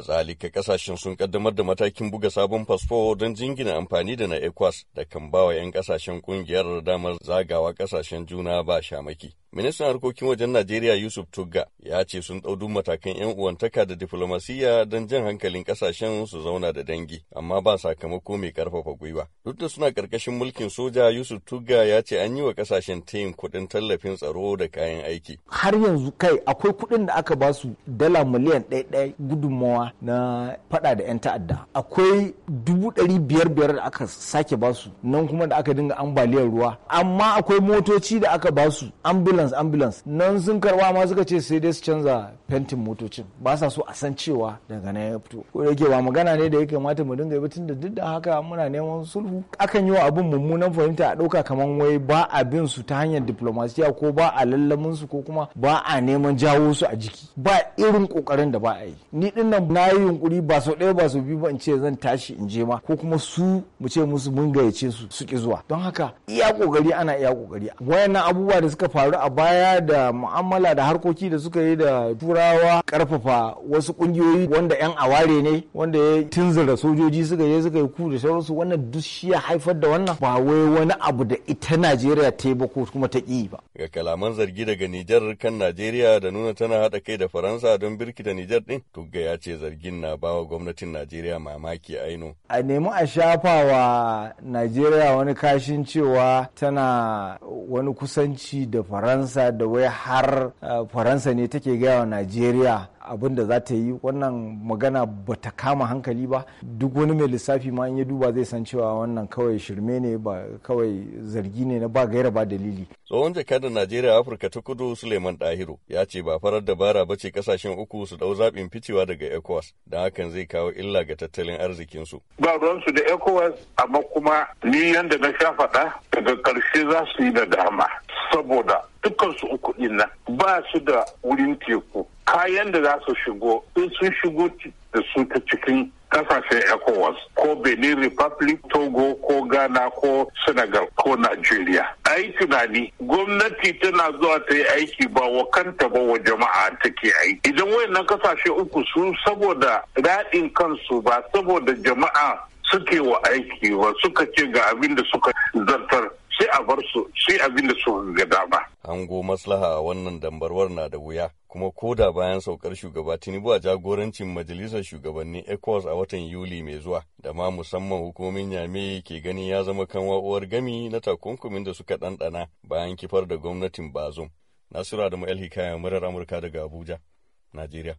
Kazalika kasashen sun kaddamar da matakin buga sabon fasfo don jingina amfani da na ECOWAS da kan bawa 'yan kasashen kungiyar damar zagawa kasashen juna ba shamaki. Ministan harkokin wajen Najeriya Yusuf Tugga ya ce sun ɗau matakan 'yan uwantaka da diflomasiyya don jan hankalin ƙasashen su zauna da dangi, amma ba sakamako mai ƙarfafa gwiwa. Duk da suna ƙarƙashin mulkin soja Yusuf Tugga ya ce an yi wa ƙasashen tayin kuɗin tallafin tsaro da kayan aiki. Har yanzu kai akwai kuɗin da aka ba su dala miliyan ɗaya ɗaya gudunmawa na faɗa da 'yan ta'adda. Akwai dubu ɗari biyar biyar da aka sake ba su nan kuma da aka dinga ambaliyar ruwa. Amma akwai motoci da aka ba su ambulance ambulance ambulance nan sun karba ma suka ce sai dai su canza fentin motocin ba sa so a san cewa daga nan ya fito ko da ba magana ne da ya kamata mu dinga yi tun da duk da haka muna neman sulhu akan yi wa abun mummunan fahimta a ɗauka kamar wai ba a bin su ta hanyar diplomasiya ko ba a lallamin su ko kuma ba a neman jawo su a jiki ba irin kokarin da ba a yi ni din nan na yi yunkuri ba sau ɗaya ba sau biyu ba in ce zan tashi in je ma ko kuma su mu ce musu mun gayyace su su ki zuwa don haka iya kokari ana iya kokari wayannan abubuwa da suka faru a baya da mu'amala da harkoki da suka yi da turawa karfafa wasu kungiyoyi wanda yan aware ne wanda ya tunzura sojoji suka yi suka yi ku da sauransu wannan duk shi ya haifar da wannan ba wai wani abu da ita Najeriya ta yi ba ko kuma ta ƙi ba. Ga kalaman zargi daga Nijar kan Najeriya da nuna tana haɗa kai da Faransa don birkita Nijar ɗin, Tugga ya ce zargin na bawa gwamnatin Najeriya mamaki aino. A nemi a shafa wa Najeriya wani kashin cewa tana wani kusanci da Faransa faransa da wai har ah, faransa ne take gaya wa najeriya abin da za ta yi wannan magana ba ta kama hankali ba duk wani mai lissafi ma in ya duba zai san cewa wannan kawai shirme ne ba kawai zargi ne na ba gaira ba dalili tsohon jakadar najeriya afirka ta kudu suleiman dahiru ya ce ba farar dabara ba ce kasashen uku su dau zaɓin ficewa daga ecowas da hakan zai kawo illa ga tattalin arzikinsu ba ruwan su da ecowas amma kuma ni yanda na sha faɗa daga ƙarshe za su yi da dama saboda dukansu uku ɗin nan ba su da wurin teku kayan da za su shigo in sun shigo da su ta cikin kasashen ecowas ko benin republic togo ko ghana ko senegal ko nigeria a yi tunani gwamnati tana zuwa ta yi aiki ba wa kanta ba wa jama'a ta ke aiki idan wayannan kasashe uku su saboda daɗin kansu ba saboda jama'a suke wa aiki ba suka ce ga abin da suka zartar a bar su sai abin da su ga dama. Ango maslaha a wannan dambarwar na da wuya kuma ko da bayan saukar shugaba Tinubu a jagorancin majalisar shugabannin ECOWAS a watan Yuli mai zuwa da ma musamman hukumomin Yame ke ganin ya zama kan uwar gami na takunkumin da suka ɗanɗana bayan kifar da gwamnatin Bazum. Nasiru Adamu El Hikaya murar Amurka daga Abuja, Najeriya.